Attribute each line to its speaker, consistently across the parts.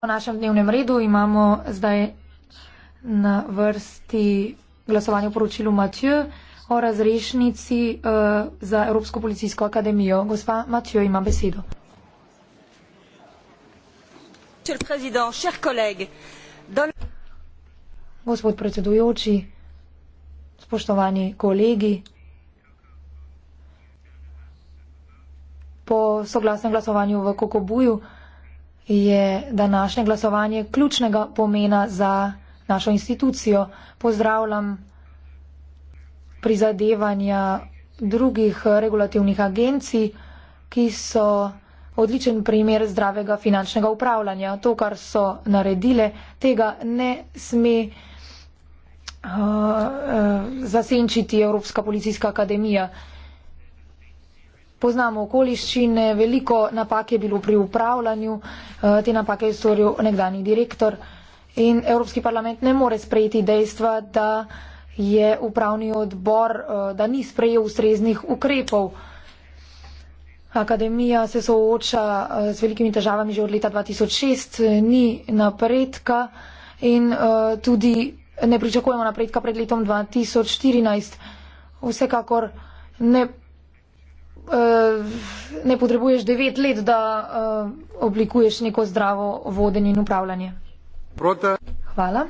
Speaker 1: po našem dnevnem redu imamo zdaj na vrsti glasovanje o poročilu Matjo o razrešnici uh, za Evropsko policijsko akademijo. Gospa Matjo ima besedo. Gospod predsedujoči, spoštovani kolegi, po soglasnem glasovanju v Kokobuju je današnje glasovanje ključnega pomena za našo institucijo. Pozdravljam prizadevanja drugih regulativnih agencij, ki so odličen primer zdravega finančnega upravljanja. To, kar so naredile, tega ne sme uh, uh, zasenčiti Evropska policijska akademija poznamo okoliščine, veliko napak je bilo pri upravljanju, eh, te napake je storil nekdani direktor in Evropski parlament ne more sprejeti dejstva, da je upravni odbor, eh, da ni sprejel ustreznih ukrepov. Akademija se sooča eh, z velikimi težavami že od leta 2006, ni napredka in tudi ne pričakujemo napredka pred letom 2014. Vsekakor ne Eh, ne potrebuješ devet let, da eh, oblikuješ neko zdravo vodenje in upravljanje. Prota. Hvala.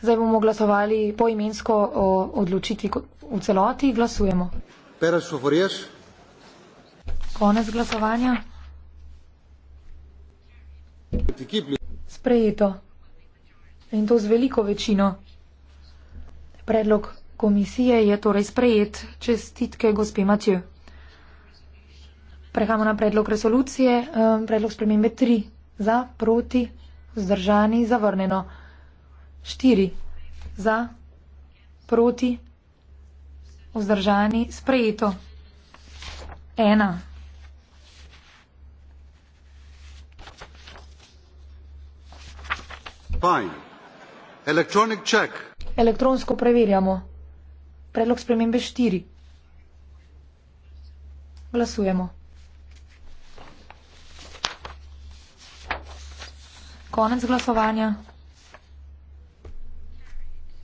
Speaker 1: Zdaj bomo glasovali poimensko o odločitvi v celoti. Glasujemo.
Speaker 2: Perez Favorijes.
Speaker 1: Konec glasovanja. Sprejeto. In to z veliko večino. Predlog komisije je torej sprejet. Čestitke gospe Matjo. Prehajamo na predlog resolucije. Predlog spremembe 3. Za, proti, vzdržani, zavrnjeno. 4. Za, proti, vzdržani, sprejeto. 1.
Speaker 2: Fine. Electronic check
Speaker 1: elektronsko preverjamo. Predlog spremembe 4. Glasujemo. Konec glasovanja.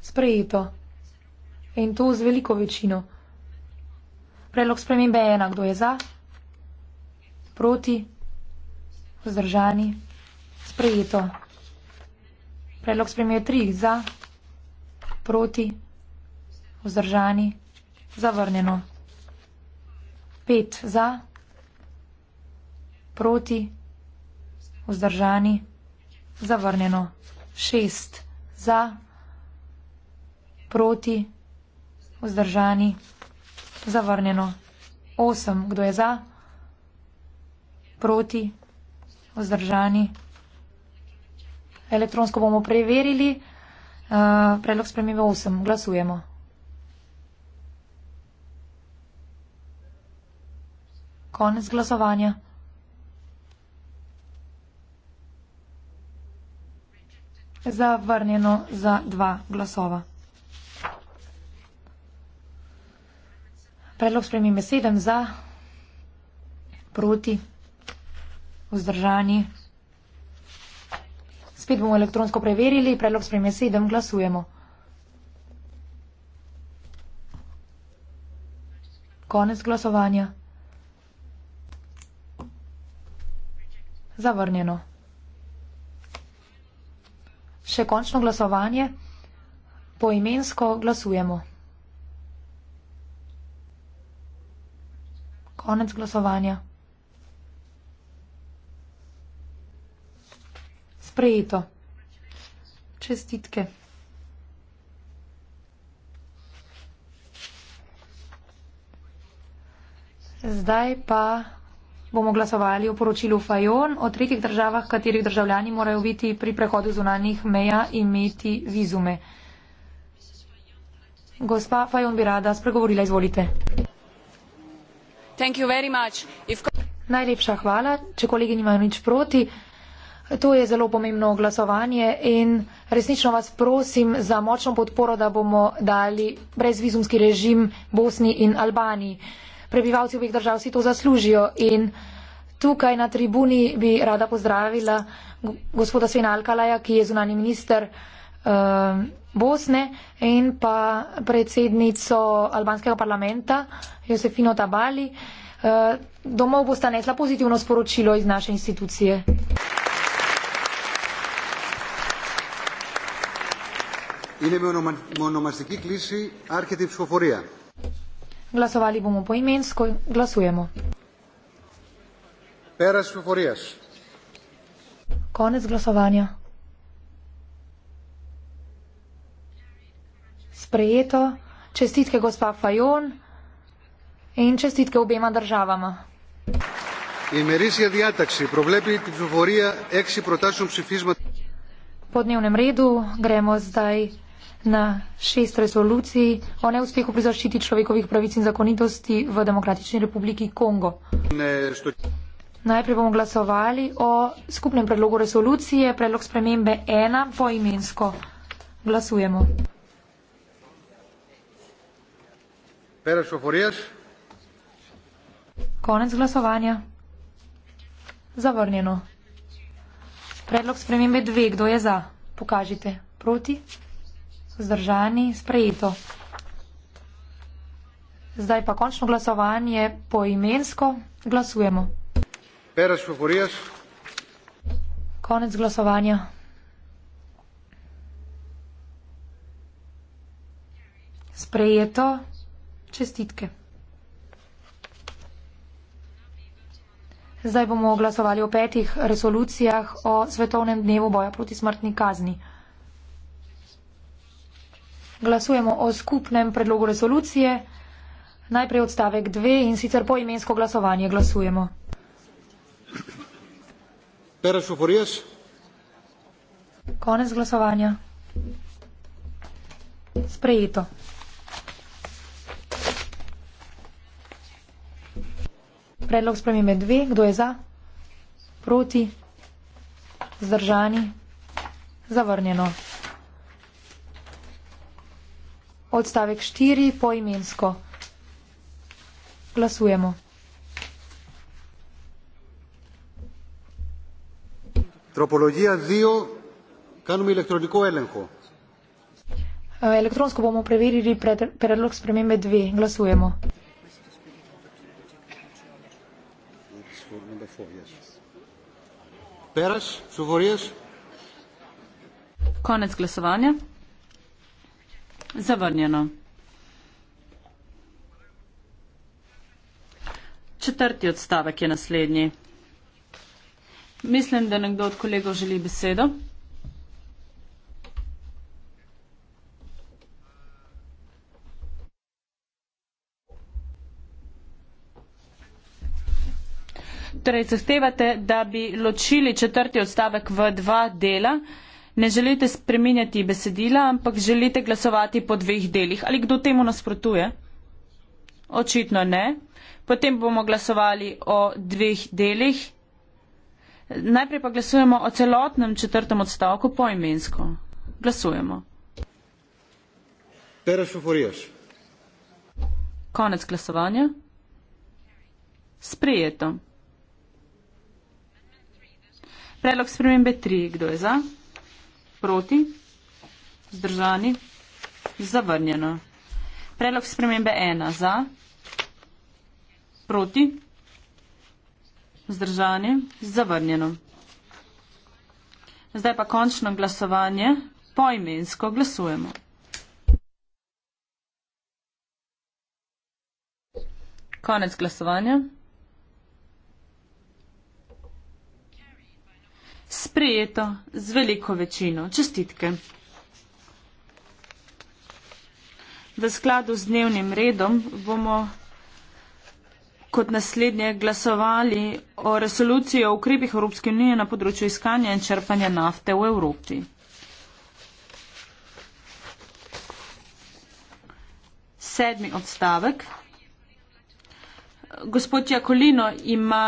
Speaker 1: Sprejeto. In to z veliko večino. Predlog spremembe 1. Kdo je za? Proti? Vzdržani? Sprejeto. Predlog spremembe 3. Za? proti, vzdržani, zavrnjeno. 5 za, proti, vzdržani, zavrnjeno. 6 za, proti, vzdržani, zavrnjeno. 8, kdo je za, proti, vzdržani. Elektronsko bomo preverili. Uh, predlog spremembe 8. Glasujemo. Konec glasovanja. Zavrnjeno za dva glasova. Predlog spremembe 7 za, proti, vzdržani. Spet bomo elektronsko preverili, predlog spremlja sedem, glasujemo. Konec glasovanja. Zavrnjeno. Še končno glasovanje. Poimensko glasujemo. Konec glasovanja. sprejeto. Čestitke. Zdaj pa bomo glasovali o poročilu Fajon o tretjih državah, katerih državljani morajo biti pri prehodu zunanjih meja imeti vizume. Gospa Fajon bi rada spregovorila, izvolite. Najlepša hvala, če kolegi nimajo nič proti. To je zelo pomembno glasovanje in resnično vas prosim za močno podporo, da bomo dali brezvizumski režim Bosni in Albaniji. Prebivalci obeh držav si to zaslužijo in tukaj na tribuni bi rada pozdravila gospoda Svena Alkalaja, ki je zunani minister eh, Bosne in pa predsednico albanskega parlamenta Josefino Tabali. Eh, domov bo stanesla pozitivno sporočilo iz naše institucije. Glasovali bomo poimensko, glasujemo. Glasujemo. Glasujemo.
Speaker 2: Glasujemo. Glasujemo. Glasujemo. Glasujemo. Glasujemo. Glasujemo. Glasujemo. Glasujemo. Glasujemo. Glasujemo. Glasujemo. Glasujemo.
Speaker 1: Konec glasovanja. Sprejeto. Čestitke gospa Fajon in čestitke obema državama. Po dnevnem redu gremo zdaj na šest resolucij o neuspehu pri zaščiti človekovih pravic in zakonitosti v Demokratični republiki Kongo. Ne, što... Najprej bomo glasovali o skupnem predlogu resolucije, predlog spremembe ena poimensko. Glasujemo. Konec glasovanja. Zavrnjeno. Predlog spremembe dve. Kdo je za? Pokažite. Proti vzdržani, sprejeto. Zdaj pa končno glasovanje po imensko. Glasujemo.
Speaker 2: Perez Favorijas.
Speaker 1: Konec glasovanja. Sprejeto. Čestitke. Zdaj bomo glasovali o petih resolucijah o svetovnem dnevu boja proti smrtni kazni. Glasujemo o skupnem predlogu rezolucije. Najprej odstavek dve in sicer po imensko glasovanje glasujemo.
Speaker 2: Pera Šuforijas.
Speaker 1: Konec glasovanja. Sprejeto. Predlog spremembe dve. Kdo je za? Proti? Zdržani? Zavrnjeno odstavek 4 poimensko. Glasujemo.
Speaker 2: Tropologija 2, kanum elektroniko elenko.
Speaker 1: Eh, elektronsko bomo preverili pred, predlog spremembe 2. Glasujemo.
Speaker 2: Peraš, suvorijas.
Speaker 3: Konec glasovanja. Zavrnjeno. Četrti odstavek je naslednji. Mislim, da nekdo od kolegov želi besedo. Torej, zahtevate, da bi ločili četrti odstavek v dva dela ne želite spreminjati besedila, ampak želite glasovati po dveh delih. Ali kdo temu nasprotuje? Očitno ne. Potem bomo glasovali o dveh delih. Najprej pa glasujemo o celotnem četrtem odstavku poimensko. Glasujemo. Konec glasovanja. Sprejeto. Predlog spremembe 3. Kdo je za? Proti? Zdržani? Zavrnjeno. Predlog spremembe 1. Za? Proti? Zdržani? Zavrnjeno. Zdaj pa končno glasovanje. Poimensko glasujemo. Konec glasovanja. Sprejeto z veliko večino. Čestitke. V skladu z dnevnim redom bomo kot naslednje glasovali o resoluciji o ukrepih Evropske unije na področju iskanja in črpanja nafte v Evropi. Sedmi odstavek. Gospod Jakolino ima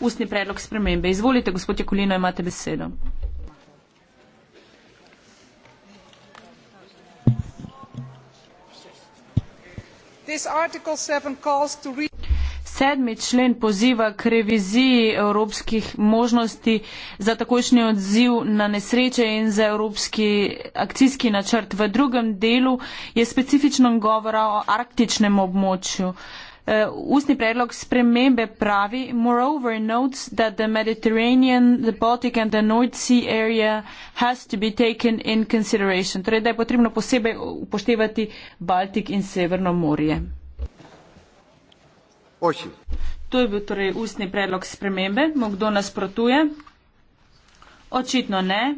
Speaker 3: ustni predlog spremembe. Izvolite, gospod Jakolino, imate besedo. Sedmi člen poziva k reviziji evropskih možnosti za takošnji odziv na nesreče in za evropski akcijski načrt. V drugem delu je specifičen govor o arktičnem območju. Uh, Uh, ustni predlog spremembe pravi, moreover notes that the Mediterranean, the Baltic and the North Sea area has to be taken in consideration. Torej, da je potrebno posebej upoštevati Baltik in Severno morje. Oči. To je bil torej ustni predlog spremembe. Mo kdo nasprotuje? Očitno ne.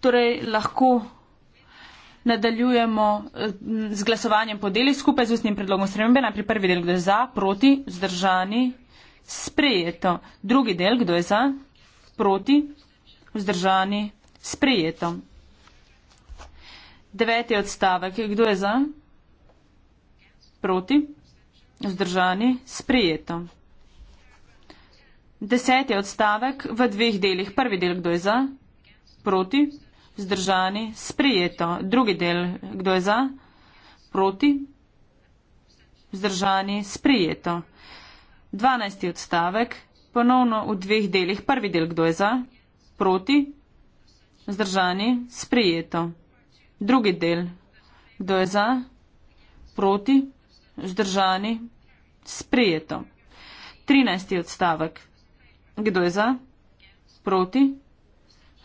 Speaker 3: Torej, lahko nadaljujemo eh, z glasovanjem po deli skupaj z ustnim predlogom spremembe. Najprej prvi del, kdo je za, proti, vzdržani, sprejeto. Drugi del, kdo je za, proti, vzdržani, sprejeto. Deveti odstavek, kdo je za, proti, vzdržani, sprejeto. Deseti odstavek v dveh delih. Prvi del, kdo je za, proti, Zdržani? Sprijeto. Drugi del. Kdo je za? Proti? Zdržani? Sprijeto. 12. odstavek. Ponovno v dveh delih. Prvi del. Kdo je za? Proti? Zdržani? Sprijeto. Drugi del. Kdo je za? Proti? Zdržani? Sprijeto. 13. odstavek. Kdo je za? Proti?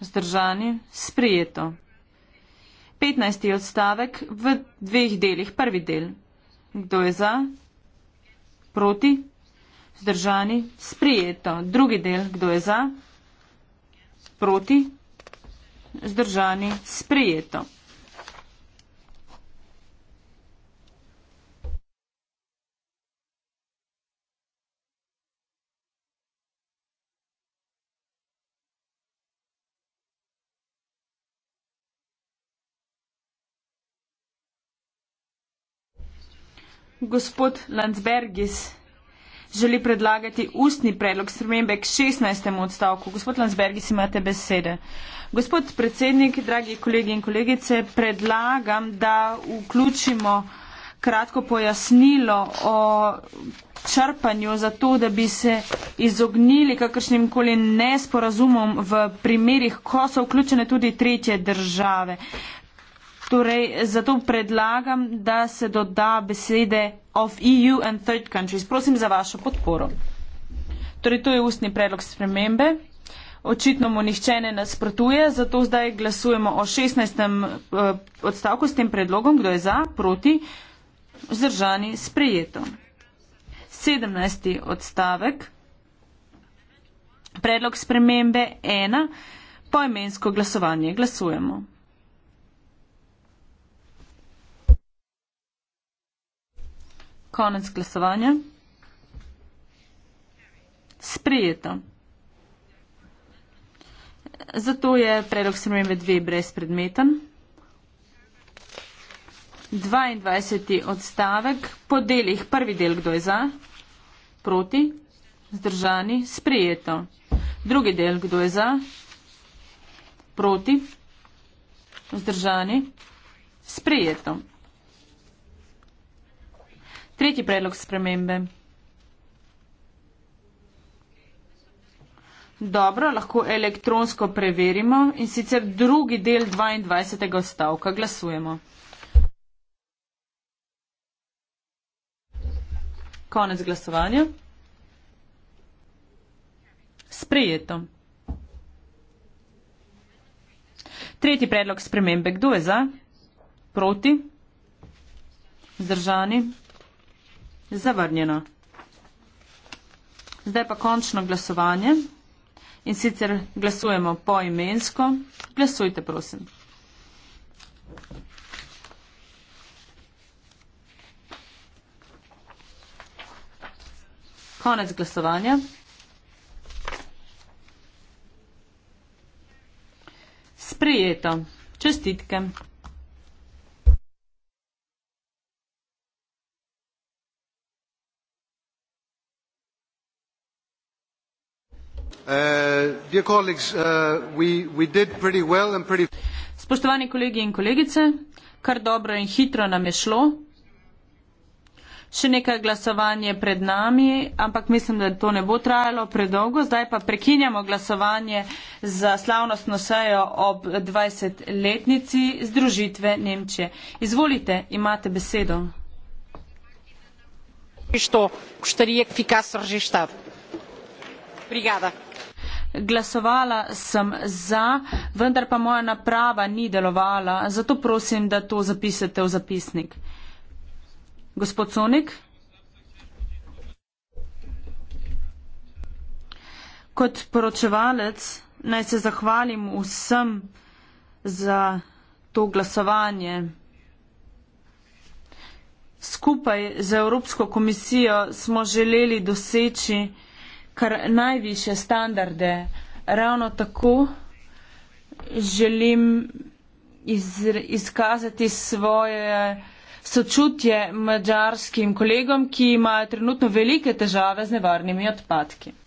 Speaker 3: Zdržani? Sprijeto. 15. odstavek v dveh delih. Prvi del. Kdo je za? Proti? Zdržani? Sprijeto. Drugi del. Kdo je za? Proti? Zdržani? Sprijeto. Gospod Landsbergis želi predlagati ustni predlog spremembe k 16. odstavku. Gospod Landsbergis, imate besede. Gospod predsednik, dragi kolegi in kolegice, predlagam, da vključimo kratko pojasnilo o črpanju za to, da bi se izognili kakršnim koli nesporazumom v primerih, ko so vključene tudi tretje države. Uh, Torej, zato predlagam, da se doda besede of EU and third countries. Prosim za vašo podporo. Torej, to je ustni predlog spremembe. Očitno mu nihče ne nasprotuje, zato zdaj glasujemo o 16. Eh, odstavku s tem predlogom, kdo je za, proti, zdržani, sprejeto. 17. odstavek. Predlog spremembe 1. Poimensko glasovanje. Glasujemo. Konec glasovanja. Sprijeto. Zato je predlog spremembe dve brezpredmeten. 22. odstavek. Po delih prvi del, kdo je za, proti, zdržani, sprijeto. Drugi del, kdo je za, proti, zdržani, sprijeto. Tretji predlog spremembe. Dobro, lahko elektronsko preverimo in sicer drugi del 22. stavka glasujemo. Konec glasovanja. Sprejeto. Tretji predlog spremembe. Kdo je za? Proti? Zdržani? Zavrnjeno. Zdaj pa končno glasovanje in sicer glasujemo poimensko. Glasujte, prosim. Konec glasovanja. Sprejeto. Čestitke.
Speaker 2: Uh,
Speaker 3: Spoštovani kolegi in kolegice, kar dobro in hitro nam je šlo. Še nekaj glasovanje pred nami, ampak mislim, da to ne bo trajalo predolgo. Zdaj pa prekinjamo glasovanje za slavnostno sejo ob 20-letnici združitve Nemčije. Izvolite, imate besedo. Što, što je efikasno že štav? Brigada. Glasovala sem za, vendar pa moja naprava ni delovala, zato prosim, da to zapisate v zapisnik. Gospod Sonik? Kot poročevalec naj se zahvalim vsem za to glasovanje. Skupaj z Evropsko komisijo smo želeli doseči, kar najviše standarde. Ravno tako želim iz, izkazati svoje sočutje mađarskim kolegom, ki imajo trenutno velike težave z nevarnimi odpadki.